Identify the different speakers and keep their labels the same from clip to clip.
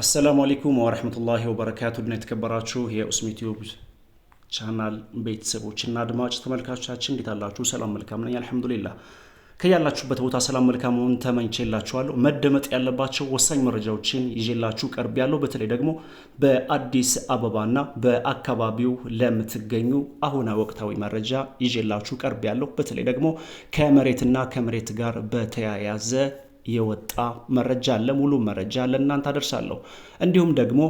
Speaker 1: አሰላሙ አሌይኩም ወረህመቱላሂ ወበረካቱ ድና የተከበራችሁ የኡስሚ ዩቲዩብ ቻናል ቤተሰቦችና አድማጭ ተመልካቾቻችን እንዴት አላችሁ? ሰላም መልካም ነኝ አልሐምዱሊላ። ከያላችሁበት ቦታ ሰላም መልካም መሆን ተመኝቼላችኋለሁ። መደመጥ ያለባቸው ወሳኝ መረጃዎችን ይዤላችሁ ቀርብ ያለው በተለይ ደግሞ በአዲስ አበባና በአካባቢው ለምትገኙ አሁነ ወቅታዊ መረጃ ይዤላችሁ ቀርብ ያለው በተለይ ደግሞ ከመሬትና ከመሬት ጋር በተያያዘ የወጣ መረጃ አለ። ሙሉ መረጃ ለእናንተ አደርሳለሁ። እንዲሁም ደግሞ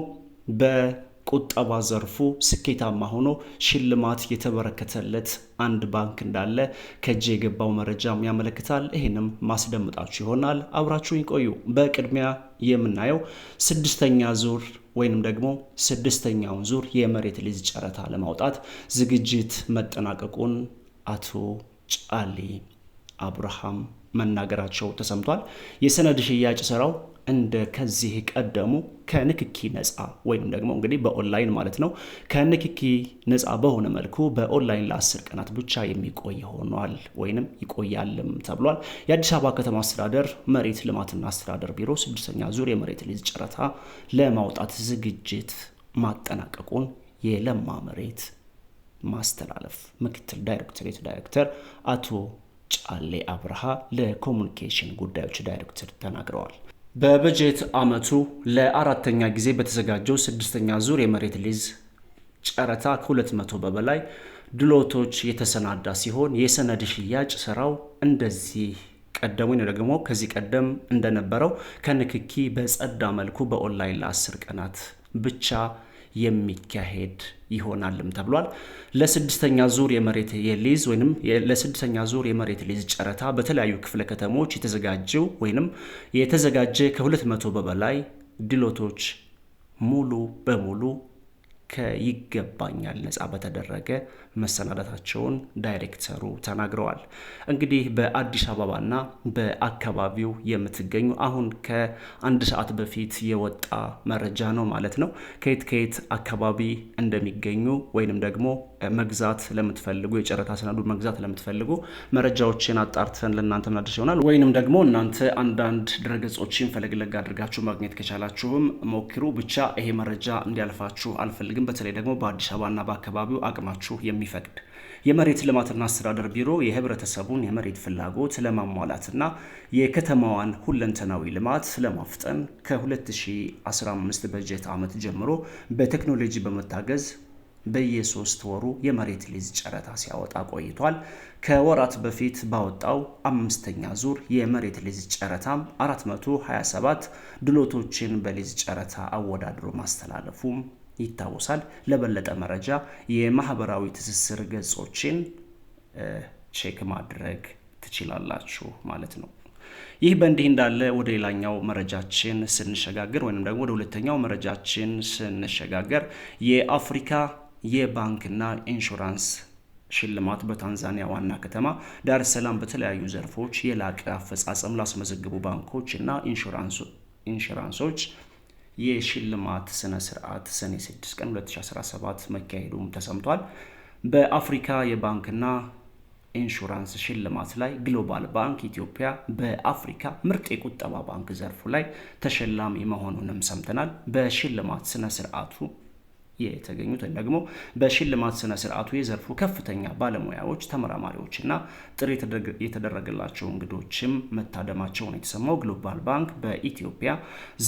Speaker 1: በቁጠባ ዘርፉ ስኬታማ ሆኖ ሽልማት የተበረከተለት አንድ ባንክ እንዳለ ከእጅ የገባው መረጃም ያመለክታል። ይህንም ማስደምጣችሁ ይሆናል። አብራችሁ ይቆዩ። በቅድሚያ የምናየው ስድስተኛ ዙር ወይንም ደግሞ ስድስተኛውን ዙር የመሬት ሊዝ ጨረታ ለማውጣት ዝግጅት መጠናቀቁን አቶ ጫሊ አብርሃም መናገራቸው ተሰምቷል። የሰነድ ሽያጭ ስራው እንደ ከዚህ ቀደሙ ከንክኪ ነፃ ወይም ደግሞ እንግዲህ በኦንላይን ማለት ነው ከንክኪ ነፃ በሆነ መልኩ በኦንላይን ለአስር ቀናት ብቻ የሚቆይ ሆኗል ወይንም ይቆያልም ተብሏል። የአዲስ አበባ ከተማ አስተዳደር መሬት ልማትና አስተዳደር ቢሮ ስድስተኛ ዙር የመሬት ሊዝ ጨረታ ለማውጣት ዝግጅት ማጠናቀቁን የለማ መሬት ማስተላለፍ ምክትል ዳይሬክቶሬት ዳይሬክተር አቶ ጫሌ አብርሃ ለኮሚኒኬሽን ጉዳዮች ዳይሬክተር ተናግረዋል። በበጀት ዓመቱ ለአራተኛ ጊዜ በተዘጋጀው ስድስተኛ ዙር የመሬት ሊዝ ጨረታ ከ200 በበላይ ድሎቶች የተሰናዳ ሲሆን የሰነድ ሽያጭ ስራው እንደዚህ ቀደሙኝ ደግሞ ከዚህ ቀደም እንደነበረው ከንክኪ በጸዳ መልኩ በኦንላይን ለአስር ቀናት ብቻ የሚካሄድ ይሆናልም ተብሏል። ለስድስተኛ ዙር የመሬት የሊዝ ወይም ለስድስተኛ ዙር የመሬት ሊዝ ጨረታ በተለያዩ ክፍለ ከተሞች የተዘጋጀው ወይም የተዘጋጀ ከ200 በበላይ ድሎቶች ሙሉ በሙሉ ከይገባኛል ነጻ በተደረገ መሰናዳታቸውን ዳይሬክተሩ ተናግረዋል። እንግዲህ በአዲስ አበባና በአካባቢው የምትገኙ አሁን ከአንድ ሰዓት በፊት የወጣ መረጃ ነው ማለት ነው። ከየት ከየት አካባቢ እንደሚገኙ ወይንም ደግሞ መግዛት ለምትፈልጉ የጨረታ ሰነዱን መግዛት ለምትፈልጉ መረጃዎችን አጣርተን ለእናንተ ምናደርስ ይሆናል። ወይንም ደግሞ እናንተ አንዳንድ ድረገጾችን ፈለግለግ አድርጋችሁ ማግኘት ከቻላችሁም ሞክሩ። ብቻ ይሄ መረጃ እንዲያልፋችሁ አልፈልግም ግን በተለይ ደግሞ በአዲስ አበባና በአካባቢው አቅማችሁ የሚፈቅድ የመሬት ልማትና አስተዳደር ቢሮ የህብረተሰቡን የመሬት ፍላጎት ለማሟላትና የከተማዋን ሁለንተናዊ ልማት ለማፍጠን ከ2015 በጀት ዓመት ጀምሮ በቴክኖሎጂ በመታገዝ በየሶስት ወሩ የመሬት ሊዝ ጨረታ ሲያወጣ ቆይቷል። ከወራት በፊት ባወጣው አምስተኛ ዙር የመሬት ሊዝ ጨረታም 427 ድሎቶችን በሊዝ ጨረታ አወዳድሮ ማስተላለፉም ይታወሳል። ለበለጠ መረጃ የማህበራዊ ትስስር ገጾችን ቼክ ማድረግ ትችላላችሁ ማለት ነው። ይህ በእንዲህ እንዳለ ወደ ሌላኛው መረጃችን ስንሸጋገር ወይም ደግሞ ወደ ሁለተኛው መረጃችን ስንሸጋገር የአፍሪካ የባንክና ኢንሹራንስ ሽልማት በታንዛኒያ ዋና ከተማ ዳር ሰላም በተለያዩ ዘርፎች የላቀ አፈጻጸም ላስመዘግቡ ባንኮች እና ኢንሹራንሶች የሽልማት ስነ ስርዓት ሰኔ 6 ቀን 2017 መካሄዱም ተሰምቷል። በአፍሪካ የባንክና ኢንሹራንስ ሽልማት ላይ ግሎባል ባንክ ኢትዮጵያ በአፍሪካ ምርጥ የቁጠባ ባንክ ዘርፉ ላይ ተሸላሚ መሆኑንም ሰምተናል። በሽልማት ስነ ስርዓቱ የተገኙት ወይም ደግሞ በሽልማት ስነ ስርዓቱ የዘርፉ ከፍተኛ ባለሙያዎች፣ ተመራማሪዎችና ጥሪ የተደረገላቸው እንግዶችም መታደማቸውን የተሰማው ግሎባል ባንክ በኢትዮጵያ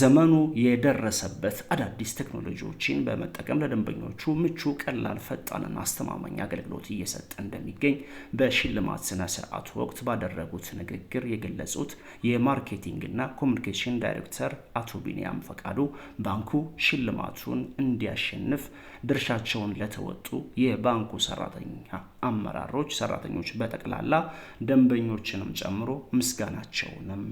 Speaker 1: ዘመኑ የደረሰበት አዳዲስ ቴክኖሎጂዎችን በመጠቀም ለደንበኞቹ ምቹ፣ ቀላል፣ ፈጣንና አስተማማኝ አገልግሎት እየሰጠ እንደሚገኝ በሽልማት ስነ ስርዓቱ ወቅት ባደረጉት ንግግር የገለጹት የማርኬቲንግና ኮሚኒኬሽን ዳይሬክተር አቶ ቢኒያም ፈቃዱ ባንኩ ሽልማቱን እንዲያሸንፍ በማሳለፍ ድርሻቸውን ለተወጡ የባንኩ ሰራተኛ አመራሮች፣ ሰራተኞች በጠቅላላ ደንበኞችንም ጨምሮ ምስጋናቸውንም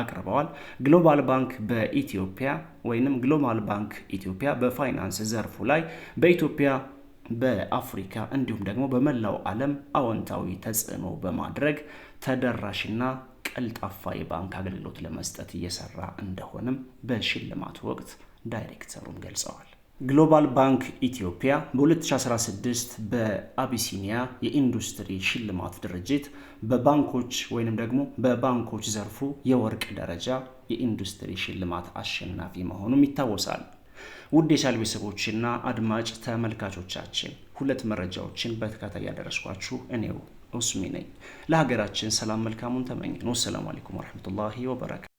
Speaker 1: አቅርበዋል። ግሎባል ባንክ በኢትዮጵያ ወይንም ግሎባል ባንክ ኢትዮጵያ በፋይናንስ ዘርፉ ላይ በኢትዮጵያ በአፍሪካ እንዲሁም ደግሞ በመላው ዓለም አዎንታዊ ተጽዕኖ በማድረግ ተደራሽና ቀልጣፋ የባንክ አገልግሎት ለመስጠት እየሰራ እንደሆነም በሽልማቱ ወቅት ዳይሬክተሩም ገልጸዋል። ግሎባል ባንክ ኢትዮጵያ በ2016 በአቢሲኒያ የኢንዱስትሪ ሽልማት ድርጅት በባንኮች ወይንም ደግሞ በባንኮች ዘርፉ የወርቅ ደረጃ የኢንዱስትሪ ሽልማት አሸናፊ መሆኑም ይታወሳል። ውድ የቻናል ቤተሰቦችና አድማጭ ተመልካቾቻችን ሁለት መረጃዎችን በተከታታይ ያደረስኳችሁ እኔው ዑስሚ ነኝ። ለሀገራችን ሰላም መልካሙን ተመኘን። ወሰላሙ አለይኩም ወረህመቱላሂ ወበረካቱ።